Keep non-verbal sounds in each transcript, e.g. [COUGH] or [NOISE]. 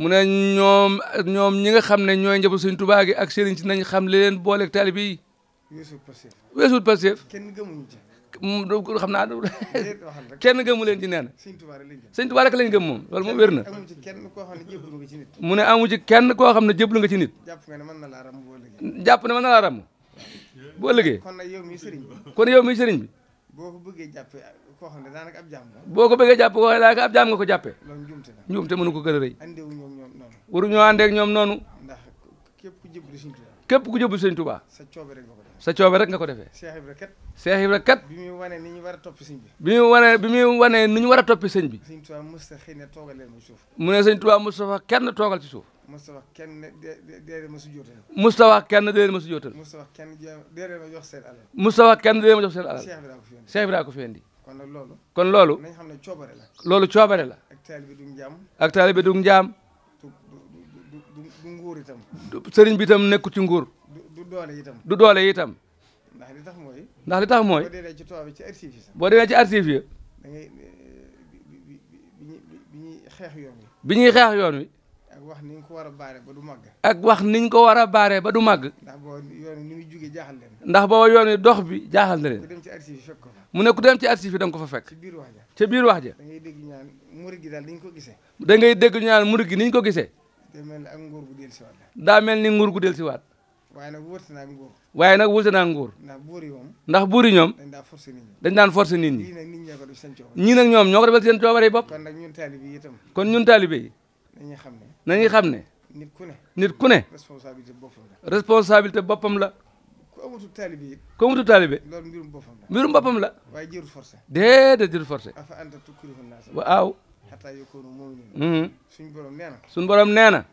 mu ne ñoom ñoom ñi nga xam ne ñooy njaboot Sëriñ Tuubaa gi ak sëriñ si nañ xam li leen booleeg taalibe yi. weesuut Pastef weesuut Pastef. kenn gëmuñu ci. mu xam naa kenn gëmu leen ci moom loolu moom mu ne amu ci kenn koo xam ne jébbalu nga ci nit. ne mën na laa ràmm boo kon nag yow mii bi. koo xam ne daanaka ab jaam la. boo ko bëggee jàpp koo xam ne daanaka ab jaam nga ko jàppee. loolu njuumte la njuumte mënu ko gën a rëy. andeewuñu ñoom noonu. waruñoo àndeeg ñoom noonu. ndax képp ku jëbbu Sëñ Tuubaa. képp ku jëbbu Sëñ Tuubaa. sa coobee rek nga ko defee. sa coobee rek nga ko defee. Cheikh Ibra kat. Cheikh Ibra kat. bi muy wane ni ñu war a toppi sëñ bi. bi muy wane bi muy wane ni ñu war a toppi sëñ bi. Sëñ Tuubaa Mustafa xëy na toogal leen ci suuf. mu ne Sëñ Tuubaa Mustafa kenn toogal ci suuf. Moustapha kenn déedéet ma su jootal. Moustapha kenn déedéet ma su jootal. Moustapha kenn déedéet ma jox seen alal. Moustapha kenn déedéet ma jox seen alal. Cheikh bi daa ko fi indi. kon nag loolu. kon loolu. nañ xam ne coobare la. loolu coobare la. ak taalibe du njaam. ak taalibe du njaam. du du du du nguur itam. sëriñ bi itam nekku ci nguur. du doole itam. du doole itam. ndax li tax mooy. ndax li tax mooy. boo demee ci tubaab ci archive boo demee ci archive da ngay bi bi ñuy xeex yoon wi. bi ñuy xeex yoon wi. ak wax niñ ko war a baare ba du màgg. ak wax niñ ko war a baare ba du màgg. ndax boo yoon ni muy jaaxal na ndax boo yoon dox bi jaaxal na leen. ku dem ci ko mu ne ku dem ci archive yi nga ko fa fekk. ci biir wax ja ci biir wax da ngay dégg ñu naan murid gi daal niñ ko gisee. da ngay dégg ñu naan murid gi niñ ko gisee. daa mel ni ak nguur gu dellusiwaat la. daa mel ni nguur gu dellusiwaat. waaye nag wërte naa nguur. waaye nag wërte naa nguur. ndax buur yi ndax buur ñoom. dañ daan forcer nit ñi. dañ daan forcer nit ñi. ñii nag ñoom ñoo ko defal seen coobare yi bopp. kon nag ñun taalibe yi itam. kon ñun taalibe yi. dañuy xam ne. nañuy xam ne. nit ku ne. nit ku ne. responsabilité boppam la. responsabilité boppam la. ku amatul taalibe yi. ku amatul taalibe. mbirum boppam la. mbirum boppam la. waaye jërul forcé. déedéet jërul forcé. afa anta tukrihu naas. waaw. xataa yakunu mu'minin. Mm-hmm. suñ borom nee na. suñ borom nee na.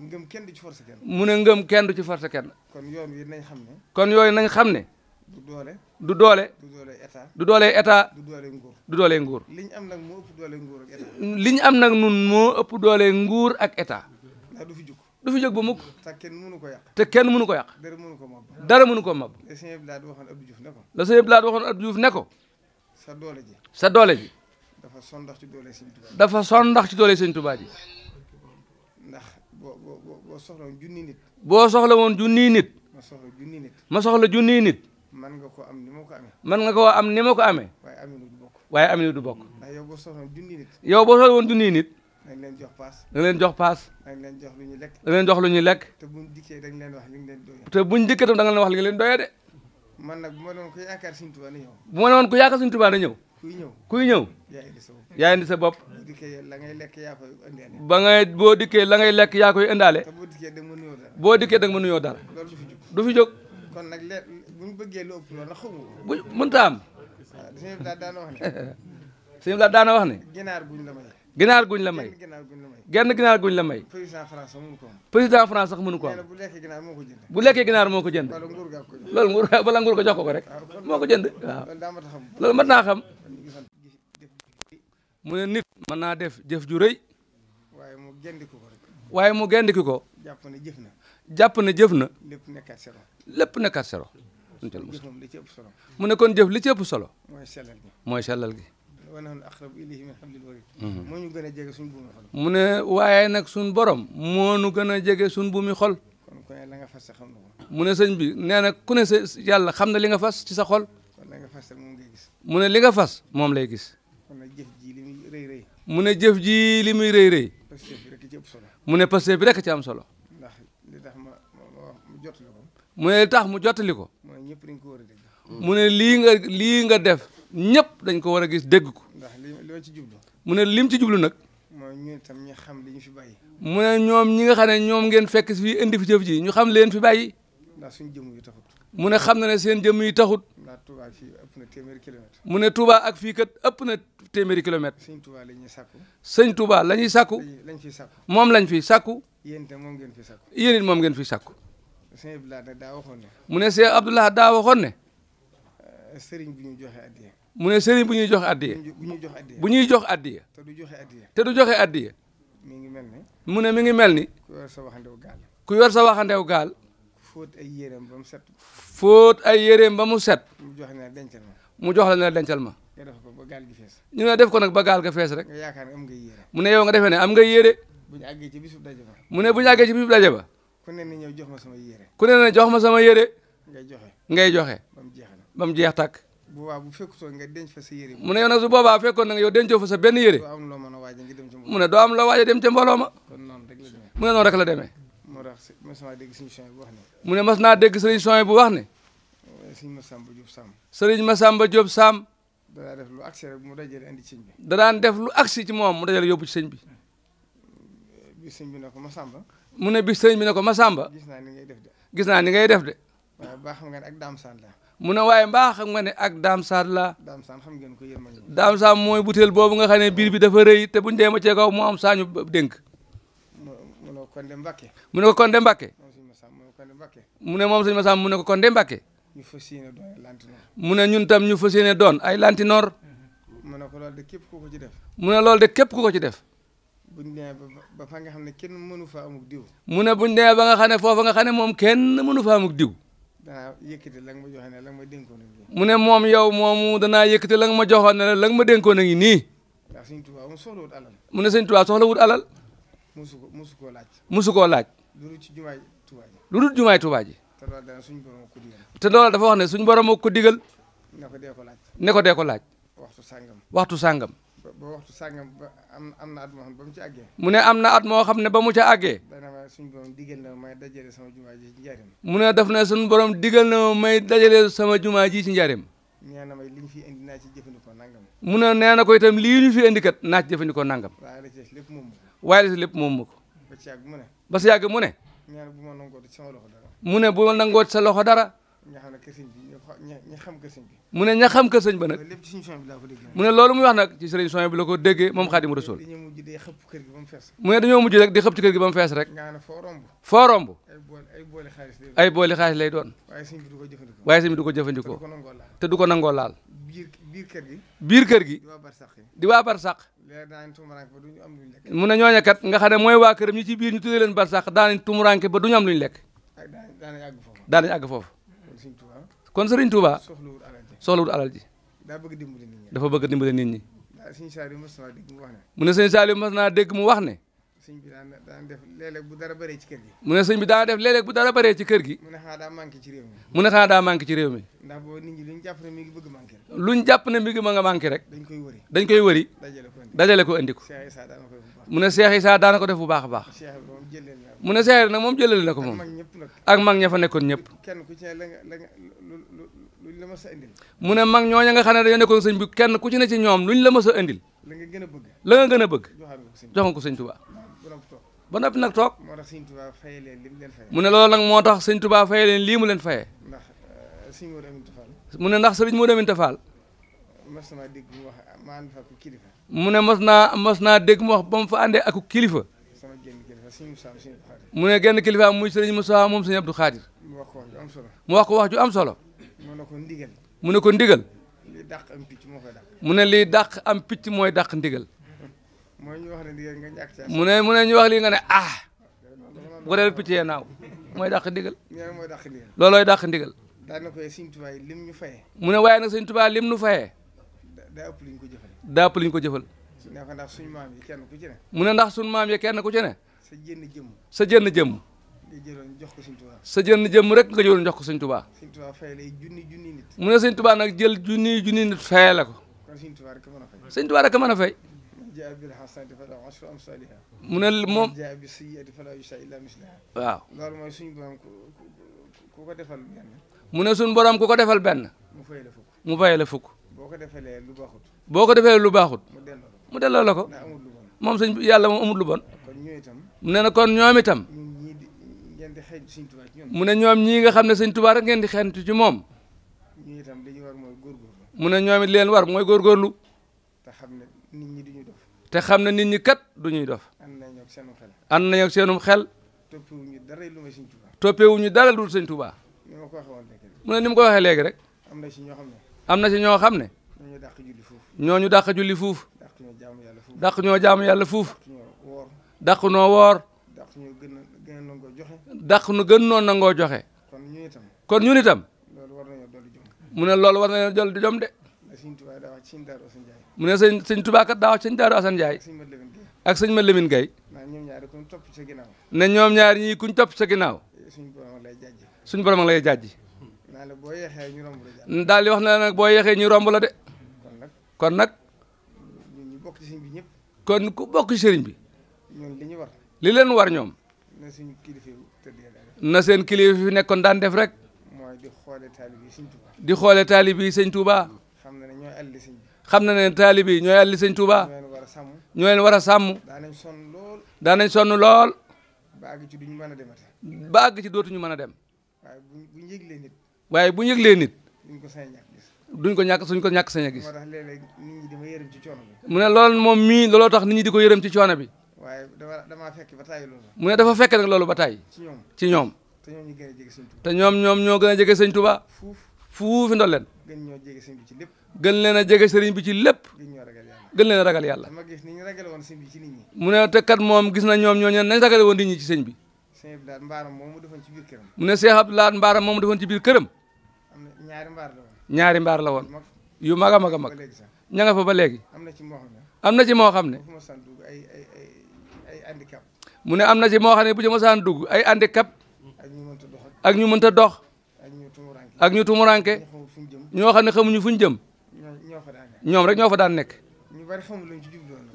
ngëm kenn du ci forcé kenn. mu ne ngëm kenn du ci forcé kenn. kon yoon wi nañ xam ne. kon yooyu nañ xam ne. du doole du doole. du doole état du doole état. du doole nguur du doole nguur. li ñu am nag moo ëpp doole nguur ak état. li ñu am nag nun moo ëpp doole nguur ak état. ndax du fi jóg du fi jóg ba mukk. te kenn mënu ko yàq. te kenn mënu ko yàq. dara mënu ko mab. dara mënu ko mab. la sëñ Abdoulaye waxoon Abdou Diouf ne ko. la sëñ Abdoulaye waxoon Abdou Diouf ne ko. sa doole ji sa doole ji. dafa sondax ci doole sëñ Tuubaa ji. dafa sondax ci doole sëñ Tuubaa ji. ndax boo boo boo soxla woon junni nit. boo soxla woon junni nit. ma soxla junni nit. ma soxla junni nit. man nga ko am ni ma ko amee. man nga ko am ni ma ko amee. waaye aminu du bokk. waaye aminu du bokk. ndax yow boo soxla woon junni nit. yow boo soxla woon junni nit. da nga leen jox paas. da leen jox paas. da nga leen jox lu ñuy lekk. da nga leen lekk. te buñ dikkee da nga leen wax li nga leen doyee. te buñ dikkee tam da nga wax li nga leen doyee de. man nag bu ma doon ko yaakaar Sëriñ Tuubaa na ñëw. bu ma doon ko yaakaar Sëriñ Tuubaa kuy ñëw kuy ñëw. sa yaa indi sa bopp. la ngay lekk yaa ba ngay boo dikkee la ngay lekk yaa koy indaale. te boo dikkee da ma nuyoo dara. boo dikkee da nga ma nuyoo dara. loolu du fi du fi jóg. kon nag leer bu ñu bëggee lu ëpp loolu nag xamu ko. am. waaw sëñ bi daana wax ne. sëñ bi daana wax ne. ginaar guñ la may. ginaar guñ la may. genn ginaar guñ la may. président France sax mënu ko am. président France sax mënu ko am. bu lekkee ginaar moo ko jënd. bu lekkee ginaar moo ko jënd. loolu nguur ga bala nguur ko jox ko ko rek. moo ko jënd waaw. loolu mën naa xam. mu ne nit mën naa def jëf ju waaye mu gendiku ko rek. waaye mu gendiku ko. jàpp ne jëf na. jàpp na jëf na. lépp nekkaat sero. lépp nekkaat sero. mu ne kon jëf li ci ëpp solo. mooy sellal gi mooy sellal gi. Mhm. moo ñu gën jege suñ buumi xol. mu ne waaye nag suñ borom. moo nu gën a jege suñ buumi xol. kon la nga fas xam na ko. mu ne sëñ bi nee na ku ne yàlla xam na li nga fas ci sa xol. kon la nga fas mu ne li nga fas moom lay gis. kon jëf ji li muy rëy rëy. mu ne jëf li muy rëy rëy. mu ne passé bi rek ci am solo. mu ne tax mu jottali ko. Mm. mu ne lii nga lii nga def ñëpp dañ ko war a gis dégg ko. ndax li ma ci jublu. mu ne lim ci jublu nag. mooy ñun itam ñu xam li ñu fi bàyyi. mu ne ñoom ñi nga xam ne ñoom ngeen fekk fii indi fi jëf ji ñu xam leen fi bàyyi. ndax suñu jëmm yi taxut. mu ne xam na ne seen jëmm yi taxut. ndax Touba ak fii ëpp mu ne Touba ak fii kat ëpp na téeméeri kilomètre. sëñ Touba la ñuy sàkku. sëñ Touba la lañ fiy sàkku moom lañ fiy sàkku. yéen itam moom ngeen fi sàkku. yéen moom ngeen fiy sàkku. sëñ Abdoulaye nag daa waxoon ne. mu ne sëñ Abdoulaye daa waxoon ne. Eh, sëriñ bu ñuy joxe addiya. mu ne sëriñ bu ñuy joxe addiya. bu ñuy joxe addiya. bu ñuy jox addiya. te du joxe addiya. te du joxe addiya. mi ngi mel ni. mu ne mi ngi mel ni. ku yor sa waxandew gaal. ku yor sa waxandew gaal. fóot ay yéreem ba mu set. fóot ay yéreem ba mu set. jox la ne dencal ma. mu jox la ne dencal ma. gi fees. ñu ne def ko nag ba gaal ga fees rek. nga yaakaar ne mu ne yow nga defee ne am nga yére. bu ñu àggee ci bisub daje ba. mu ne bu ñu ci bisub daje ba. ku ne na ñëw jox ma sama yére. ku jox ma sama yére. ngay joxe ngay joxe. ba mu jeex na ba mu jeex tàkk. bu boobaa bu fekkutoon nga denc fa sa yére. mu ne yow boobaa fekkoon na yow dencoo fa sa benn yére. doo am loo mën a a ngi dem ca mbooloo. mu ne doo a dem ca mbooloo ma. kon noonu rek la mu ne noonu rek la demee. moo tax mas naa dégg suñu son bu wax ne. mu ne mas naa dégg sëriñ son bu wax ne. Eh, sëriñ Massamba Diop Sam. sëriñ Massamba Diop Sam. danaa def lu agsi rek mu dajale andi sëñ bi. danaan def ci moom mu dajale yóbbu ci sëñ bi bi sëñ bi ne ko Masamba. mu ne bi sëñ bi ne ko Masamba. gis naa ni ngay def de. gis naa ni ngay def de. waaye baax ak Dame Sane la. mu ne waaye mbaa xam ne ak Dame la. Dame Sane ngeen ko yéen ma. Dame Sane mooy butéel boobu nga xam biir bi dafa te buñ dee ma cee kaw mu am saañu dénk. mu ne ko Konde Mbakke. mu ne ko Konde Mbakke. mu ne moom sëñ Masamba mu ne ko Konde Mbakke. ñu fas mu ne ñun tam ñu fas yéene doon ay lantinoor. mu ne ko de képp ku ci def. mu ne loolu de képp ku ko ci def. buñ demee ba fa nga xam ne kenn mënu fa amuk diw. mu ne buñ demee ba nga xam ne foofa nga xam ne moom kenn mënu fa amuk diw. danaa yëkkati ma joxoon ne la nga ma dénkoon mu ne moom yow moomu danaa yëkkati la nga ma joxoon ne la nga ma dénkoon a ngi nii. waaw sëñ Tuubaa moom soxla wut alal. mu ne sëñ Tuubaa soxla wut alal. musu ko musu koo laaj. musu koo laaj. lu dul ci jumaay Tuubaa lu dul jumaay Tuubaa ji. te loolu dana suñ borom te loolu dafa wax ne suñ borom ko digal. ne ko dee ko laaj. ne ko dee ko laaj. waxtu sàngam waxtu sàngam. ba waxtu sàngam ba am am na at moo mu ci àggee. mu ne am na at moo xam ne ba mu ca àggee. dana ma suñu borom digal na may dajale sama jumaa ji ci njaareem. mu ne daf ne suñu borom digal na may dajale sama jumaa ji ci njaareem. nee na may li ñu fi indi naa ci jëfandikoo nangam. mu ne nee na ko itam lii ñu fi indi kat naa ci jëfandikoo nangam. waaye li ci lépp moom lépp moom ba ci yàgg mu ne. ba ci yàgg mu ne. nee bu ma nangooti sama loxo dara. mu ne sa loxo dara. mu ne ña xam kër sëñ ba nag mu ne loolu la ko déggee moom xaadimu rasul mu ne dañoo mujj ay booli xaalis lay doon waaye sëñ bi du ko jëfandikoo te du ko nangoo laal biir kër gi di waa barsàq mu ne ñooñu kat nga xam ne mooy waa këram ñi ci biir ñu tuddee leen barsàq daanañ tumuranke ba du ñu am lu lekk daanañ àgg foofu kon Serigne Touba soxlawul alal ji dafa bëgg dimbale nit ñi mu ne Serigne Saliou mas naa dégg mu wax ne sëñ bi daan def léeg-léeg bu dara bëree ci kër gi. mu ne sëñ bi daan def léeg-léeg bu dara bëree ci kër gi. mu ne xanaa daa manqué ci réew mi. mu ne xanaa daa manqué ci réew mi. ndax boobu nit ñi luñ jàpp ne mi ngi bëgg a manqué. luñ jàpp ne mi ngi ma nga manqué rek. dañ koy wëri dañ koy wëri. dajale ko indi ko mu ne Cheikh Issa daana ko def bu baax a baax. mu ne Cheikh nag moom jëlale na ko moom. ak mag ña fa nekkoon ñëpp. mu ne mag ñooña nga xam ne dañoo nekkoon sëñ bi kenn ku ci ne ci ñoom luñ la mës a indil la nga gën a bëgg la nga gën a bëgg jox nga ko sëñ Tuubaa ba noppi nag toog moo tax sëñ Tuubaa mu ne loolu nag moo tax sëñ Tuubaa faye leen lii mu leen faye ndax eh, sëñ mu ne ndax sëriñ Modou Aminta Fall mas naa dégg mu wax ma ànd fa kilifa mu ne mas naa mas naa dégg mu wax fa àndee ak kilifa sama génn kilifa mu ne génn kilifa muy sëriñ Moussa moom sëñ Abdou Khadir mu wax ko wax ju solo mu wax ko wax ju am solo mu ne ko ndigal mu ne ko ndigal lii am picc moo mu ne lii dàq am picc mooy dàq ndigal mu ne mu ne ñu wax lii nga ne ah bu réew picc yee naaw mooy dàq ndigal loolooy dàq ndigal daana ko sëñ Tuubaa lim ñu fayee mu ne waaye nag sëñ Tuubaa lim nu fayee daa ëpp lu ñu ko jëfal daa lu ñu ko jëfal ne ko ndax maam yi kenn ku ci ne mu ne ndax suñ maam yi kenn ku ci sa jënn jëmm sa jënn jëmm jox ko sëñ Tuubaa sa jënn jëmm rek nga jëloon jox ko sëñ Tuubaa sëñ Tuubaa fay junni junni nit mu ne sëñ nag jël junni junni la ko kon sëñ Tuubaa rek mën a fay sëñ Tuubaa a fay jaa bil hasanati falahu ashru amsaliha mu ne moom jaa bi sayyiati borom ku ko defal benn mu ne suñu borom ku ko defal benn mu fay la mu fay la fukk boo ko defalee lu baaxut boo ko defalee lu baaxut mu delloo la ko mu delloo la ko moom sëñ yàlla mu amul lu bon mu ne na kon ñoom itam mu ne ñoom ñii nga xam ne sëñ Tuubaa rek ngeen di xentu ci moom mu ne ñoom it leen war mooy góorgóorlu te xam na nit ñi kat du ñuy dof ànd nañu ak seenum xel. ànd nañu ak xel. toppeewuñu dara lu may sëñ Touba. toppeewuñu dara lu sëñ Touba. ni ma ko waxee woon léegi rek. mu ne ni ko waxee léegi rek. am na si ñoo xam ne. am na si ñoo xam ne. ñooñu dàq julli fuuf. ñooñu dàq julli fuuf. dàq ñoo jaamu yàlla fuuf. dàq ñoo jaamu yàlla fuuf. dàq ñoo woor. dàq ñoo gën a gën a nangoo joxe. dàq ñu gën noon nangoo joxe. kon ñun itam. kon ñun itam. loolu war nañoo dolli jom de mu ne sëñ sëñ Tuubaa kat daa wax sëñ Daaru Asan Njaay ak sëñ ma Lemin Gay ne ñoom ñaar ñii kuñ topp sa ginnaaw suñ borom lay jàjji daal di wax na nag boo yeexee ñu romb la de kon nag kon ku bokk sëriñ bi li leen war ñoom na seen kilifa fi nekkoon daan def rek di xoolee taalib yi sëñ Tuubaa di xoolee taalib yi sëñ Tuubaa xam na ne taalibe yi ñooy àlli sëñ Touba ñoo leen war a sàmm daanañ sonn lool ba àgg ci duñu mën a demate ba àgg ci dootuñu mën a dem waaye bu ñu yëglee nit waaye bu ñu yëglee nit duñ ko sañ ñàkk ko ñàkk suñ ko ñàkk sañ a gis moo tax léeg ci coono mu ne loolu moom mii looloo tax ni ñu di ko yërëm ci coono bi waaye dama fekk ba tàyyi loolu mu ne dafa fekk nag loolu ba tàyyi ci ñoom te ñoom ñoo gën jege sëñ Touba fuufi ndolleen gën ñoo jege sëriñ bi ci lépp gën leen a jege sëriñ bi ci lépp gën leen a ragal yàlla ma gis te kat moom gis na ñoom ñoo ñeen nañ ragal woon nit ñi ci sëñ bi sëñ Abdou Lahad mbaaram moom mu defoon ci biir këram ñaari mbaar la woon ñaari yu mag a mag a mag ña nga fa ba léegi am na ci moo xam ne am na ci moo xam ne ay ay ay handicap mu ne am na ci moo xam ne bu ci mosaan dugg ay handicap ak ñu mënta dox ak ñu tumuranke ñoo xam ne xamuñu fuñ jëm ñoom rek ñoo fa daan nekk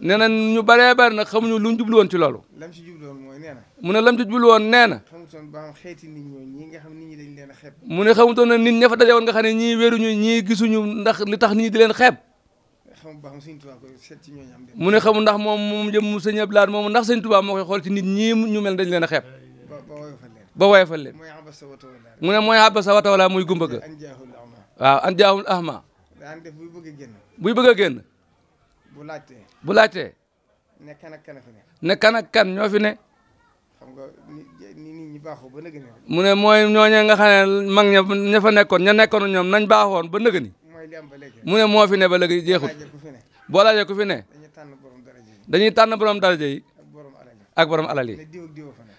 nee na ñu bëree bëri na xamuñu lu ñu jublu woon ci loolu mu ne lam ci jublu woon a na mu ne xamutoon na nit ña fa daje woon nga xam ne ñii wéruñu ñii gisuñu ndax li tax nit ñi di leen xeeb mu ne xamul ndax moom moom jëm mu sëñ a Lahad moom ndax sëñ Tuubaa moo koy xool ci nit ñi ñu mel dañ leen a xeeb ba woyofal leen mu ne mooy abasa wata wala muy gumba ga waaw an jaahul ahma daan def buy bëgg a génn buy bëgg bu laajtee ne kan ak kan fi ne kan ñoo fi ne xam nga ni nit ñi baaxoo ba nëgëni mu ne mooy ñooñee nga xam ne mag ña ña fa nekkoon ña nekkoon ñoom nañ baaxoon ba nëgëni mooy li ba léegi mu ne moo fi ba léegi jeexul boo laajee ku fi ne dañuy tànn borom daraja yi tànn borom daraja yi ak borom alal yi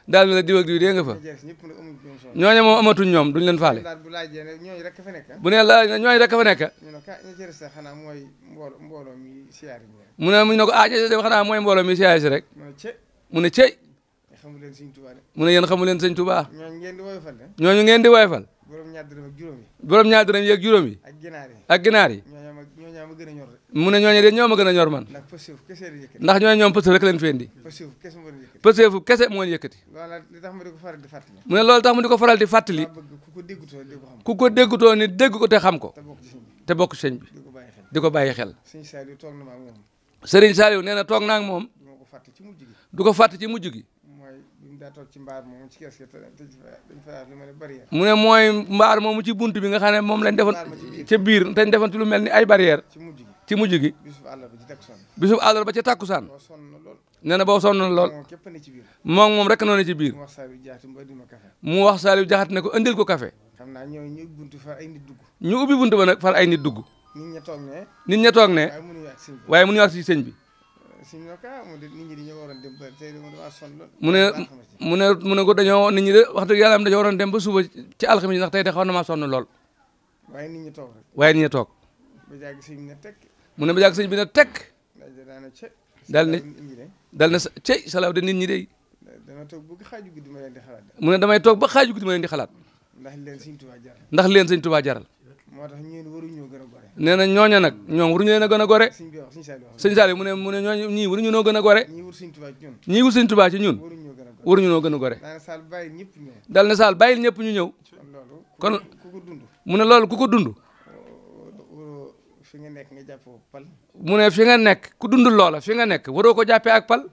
daal la diw ak diw dee nga fa ñooñu moom a ñoom duñ leen faale ah. bu ne laaj na ñooñu rek fa nekk mu ne muñ ne ko ah ña def xanaa mooy mbooloo ah, mi siyaare si rek mu ne cey mu ne yéen xamu leen sëñ Tuubaa ñooñu ngeen di woyfal borom ñaar dërëm yeeg juróom yi ak ginaar yi mu ne ñooñu de ñoo ma gën a ñor man ndax ñooñu ñoom pësëf rek leen fi indi pësëfu kese moo ñu yëkkati mu ne loolu tax mu di ko faral di fàttali ku ko déggutoo ni dégg ko te xam ko te bokk sëñ bi di ko bàyyi xel Serigne Saliou nee toog naa moom du ko fàtt ci mujj gi mu ne mooy mbaar moomu ci bunt bi nga xam ne moom lañ defoon ca biir te ñu defoon ci lu mel ni ay barrière ci mujj gi bisub àllarba ca takkusaan nee na boo sonn lool moom moom rek noonu ci biir mu wax Saliou Diakhaté ne ko indil ko café ñu ubbi bunt ba nag far ay nit dugg nit ña ne waaye mënuñu wax ci sëñ bi Ah, mu ne mu ne mu ne ko dañoo nit ñi de wax dëgg yàlla am dañoo waroon dem ba suba ci alxames ndax tey de xaw na maa sonn lool. waaye nit ñi toog rek. waaye nit toog. mu ne ba jàgg sañ bi na tekk. daal ne daal na cey salaaw de nit ñi de. mu ne damay toog ba xaaju guddi ma leen di xalaat. ndax leen sëñ Tuubaa jaral. ndax leen sëñ Tuubaa jaral. moo tax ñeen waruñoo gën a gore. nee na ñooña nag ñoom waruñu leen a gën a gore sëñ Saliou mu ne mu ne ñooñu ñii waruñu noo gën a gore ñii wut sëñ Tuubaa ci ñun waruñu noo gën a gore dal na Saal bàyyil ñëpp ñu ñëw kon mu ne loolu ku ko dund fi nga nekk nga jàpp pal mu ne fi nga nekk ku dundul loola fi nga nekk waroo ko jàppee ak pal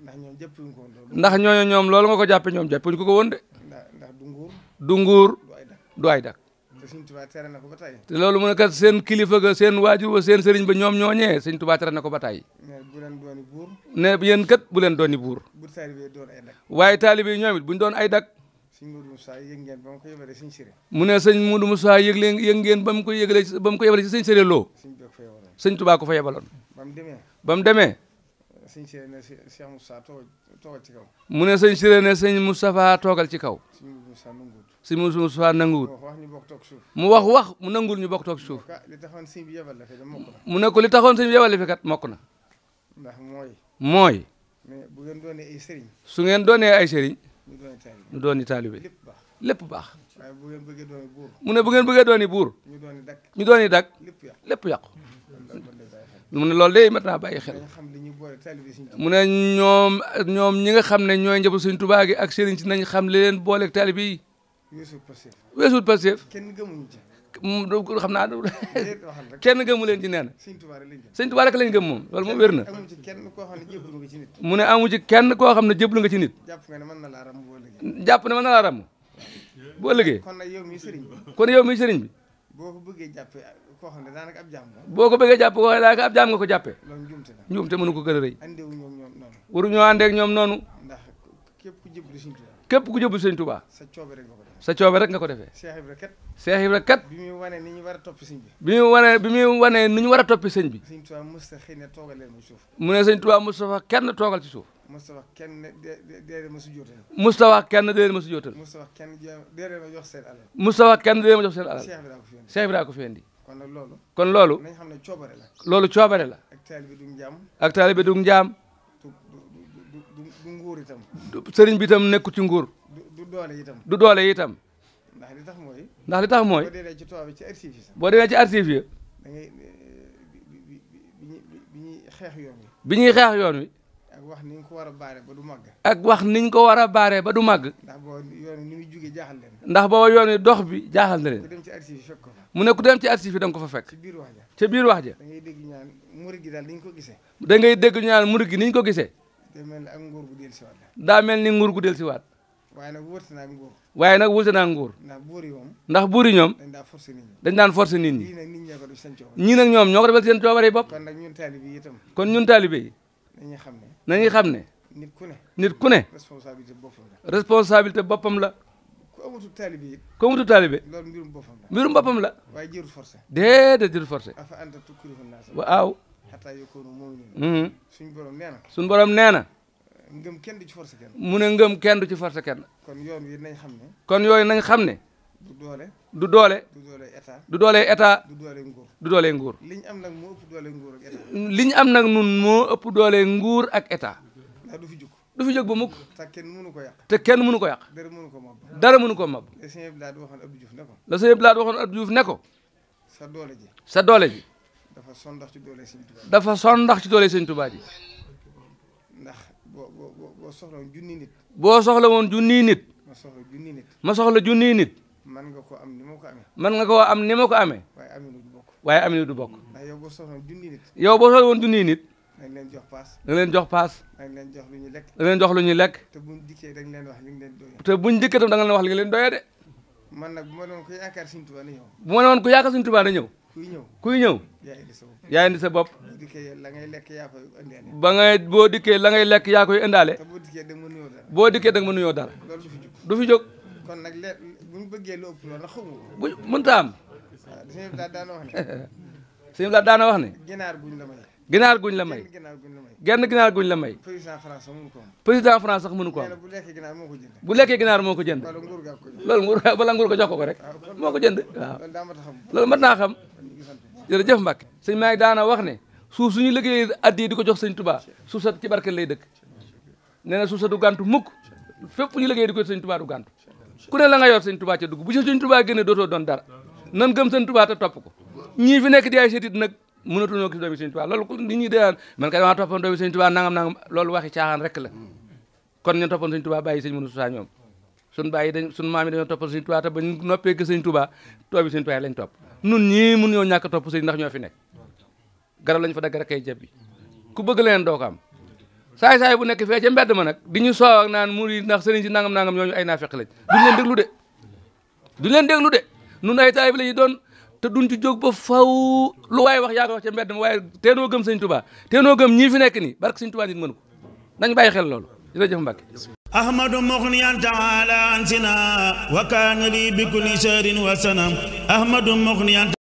ndax ñoom jàpp ko ndax ñooñu ñoom loolu nga ko jàppee ñoom jàppuñu ko ko woon de. ndax du nguur du nguur dak te loolu mu ne kat seen kilifa ga seen waajur wa seen sëriñ ba ñoom ñooñee sëñ Tuubaa tere na ko ba tey bu leen dooni buur ne yéen kat bu leen dooni buur waaye taalibe yi ñoom it buñ doon ay dak mu ne sëñ Moudou Moussa yëg leen yëg ngeen ba mu ko yëgalee ba mu ko yebalee ci sëñ Séré Lo sëñ Tuubaa ko fa yebaloon ba mu demee sëñ Siré ne Cheikh Moustapha toogal ci kaw. mu ne sëñ Siré ne sëñ Moustapha toogal ci si sëñ Moustapha nanguwut. sëñ mu wax ñu bokk toog suuf. mu wax wax mu nangul ñu bokk toog suuf. li taxoon sëñ bi mu ne ko li taxoon sëñ bi yebal la fi kat mokk na. ndax mooy. mooy. mais bu ngeen doonee ay sëriñ. su ngeen doonee ay sëriñ. ñu doon taalibe lépp baax lépp baax. waaye bu ngeen bëggee doon buur. mu ne bu ngeen bëggee buur. ñu doon i dàq. ñu i dàq lépp lépp yàqu. mu ne loolu day mat naa bàyyi xel mu ne ñoom ñoom ñi ne ñooy njabootu Sëriñ Tuubaa ak sëriñ si nañ xam leen booleeg taalibe yi weesuut kenn gëmuñu ci xam naa kenn gëmu leen ci nee na Sëriñ na mu ne amu ci kenn koo xam ne jëblu nga ci nit jàpp ne mën na laa ram boo kon yow mi sëriñ bi koo xam ne daanaka ab jaam boo ko bëggee jàpp waaye daanaka ab jaam nga ko jàppee. loolu njuumte la njuumte mënu ko gën a rëy. andeewuñu ak ñoom noonu. waruñoo àndeek ñoom noonu. ndax képp ku jëbbu Sëñ Tuubaa. képp ku jëbbu Sëñ Tuubaa. sa coobe rek nga ko defee. sa coobe rek nga ko defee. Cheikh Ibra kat. Cheikh Ibra bi muy wane ni ñu war a toppi sëñ bi. bi muy wane bi muy ni ñu war a toppi sëñ bi. Sëñ Tuubaa Moustapha xëy na toogal leen suuf. mu ne Sëñ Tuubaa Moustapha kenn toogal ci suuf. Moustapha kenn déedéet ma su jootal. Moustapha kenn déedéet ma su jootal. kenn déedéet ma jox seen alal. Moustapha kenn déedéet ma jox seen ko fi indi. kon nag loolu. kon loolu. nañ xam ne coobare la. loolu coobare la. ak taalibe du njaam. ak taalibe du njaam. du du nguur itam. sëriñ bi itam nekku ci nguur. du doole itam. du doole itam. ndax li tax mooy. ndax li tax mooy. boo demee ci tubaab yi ci archive boo demee ci archive da ngay eh, bi ñuy xeex yoon wi. bi ñuy xeex yoon wi. wax ni ko war a baare ba du màgg. ak wax niñ ko war a baaree ba du màgg. ndax booba yoon ni muy jugee jaaxal na leen. ndax booba yoon dox bi jaaxal na leen. ku dem ci archive fekk ko fa. mu ne ku dem ci archive da nga ko fa fekk. ci biir wax ja ca biir wax ja. da ngay dégg ñu naan murid gi daal ni ñu ko gisee. da ngay dégg ñu naan murid gi ni ñu ko gisee. daa mel ni ak nguur gu dellusiwaat. daa mel ni nguur gu dellusiwaat. waaye nag wóote naa nguur. waaye nag wóote naa nguur. ndax buur yi moom. ndax buur yi ñoom. dañ daan forcer nit ñi. dañ daan forcer nit ñi. ñii nag ñoom ñoo ko defal seen coobare yi bopp. kon nag ñun taalibe yi itam. kon ñun taalibe yi. nañu xam ne. nañuy xam ne. nit ku ne. nit ku ne. responsabilité boppam la. responsabilité boppam la. ku amatul taalibe yi. ku amatul taalibe. mbirum boppam la. mbirum boppam la. waaye jërul forcé. déedéet jërul forcé. afa anta tukrihu naas. waaw. xataa yakuunu mu'miniin. Hmm. suñ borom nee na. suñ nee na. ngëm kenn du ci forcé kenn. mu ne ngëm kenn du ci forcé kenn. kon yoon wi nañ xam ne. kon yooyu nañ xam ne. du doole du doole. du doole état du doole état. du doole nguur du doole nguur. li ñu am nag moo doole nguur li ñu am nag nun moo ëpp doole nguur ak état. du fi jóg du fi jóg ba mukk. ta kenn mënu ko yàq. te kenn mënu ko yàq. dara mënu ko mab. dara mënu ko mab. la sëñ Abdoulaye waxoon Abdou Diouf ne ko. la sëñ Abdoulaye waxoon Abdou Diouf ne ko. sa doole ji sa doole ji. dafa sondax ci doole sëñ Tuubaa ji. dafa sondax ci doole sëñ Tuubaa ji. ndax boo boo boo soxla woon boo soxla woon junni nit. ma soxla junni nit. ma soxla junni nit. man nga ko am ni ma ko amee. man nga koo am ni ma ko amee. waaye amin du bokk. waaye amin du bokk. ndax yow boo soxla woon junniy nit. yow woon junniy nit. da leen jox paas. da leen jox jox lu ñuy lekk. da leen ñuy lekk. te buñ dikkee da leen wax li nga leen doyee. te buñ tam da nga leen wax li nga leen doyee de. man nag bu ma doon ko yaakaar suñu tubaab na ñëw. bu ma doon ko yaakaar suñu tubaab na ñëw. kuy ñëw kuy ñëw. yaa indi sa bopp yaa sa bopp. bu la ngay lekk yaa koy indaale. ba ngay boo dikkee la lekk yaa koy indaale. te boo dikkee da ma nuyoo dara. boo dikkee da nga ma nuyoo dara. loolu du fi jóg. kon nag le bu ñu bëggee lu ëpp loolu nag xamu bu am ah, sëñ bi daana wax ne [LAUGHS] sëñ daana wax ne ginaar guñ la may ginaar guñ la may genn ginaar guñ la may président France sax mënu ko am président France sax mënu ko am bu lekkee ginaar moo ko jënd bu lekkee ginaar moo ko jënd loolu nguur ga bala nguur ko jox ko ko ah, moo ko jënd waaw loolu mat naa xam jërëjëf Mbacke sëñ maa ngi daana wax ne suuf suñu liggéey addi di ko jox sëñ Touba suuf sa ci barke lay dëkk nee na suuf sa du gàntu mukk fépp ñu liggéey di ko sëñ Touba du ku ne la nga yor sëñ tubaa ca dugg bu ci sëñ tubaa génne dootoo doon dara nan gëm sëñ tubaa te topp ko ñii fi nekk di ay setit nag mënatul ñoo gis doomi sëñ tubaa loolu tubaa nangam nangam loolu waxi caaxaan rek ñoom sun bàyyi dañ sun maam yi tubaa te ba ñu noppee que sëñ tubaa doomi sëñ tubaa ñoo ñàkk topp sëñ fa dagg rek ay jabbi ku bëgg leen doo ko saay-saay bu nekk fee ca mbedd ma nag di ñu soow naan murid ndax sëriñ si nangam nangam ñooñu ay naafeq lañ duñ leen déglu de duñ leen déglu de nun ay taalibe la ñu doon te duñ ci jóg ba faw lu waaye wax yaa ko wax ca mbedd ma waaye teenoo gëm sëñ Tuubaa teenoo gëm ñii fi nekk nii barke sëñ Tuubaa nit mënu ko nañ bàyyi xel loolu jërëjëf Mbàkke ahmadu muxniyan taala an sina wa kaana li bi kulli shay'in wa sanam ahmadu muxniyan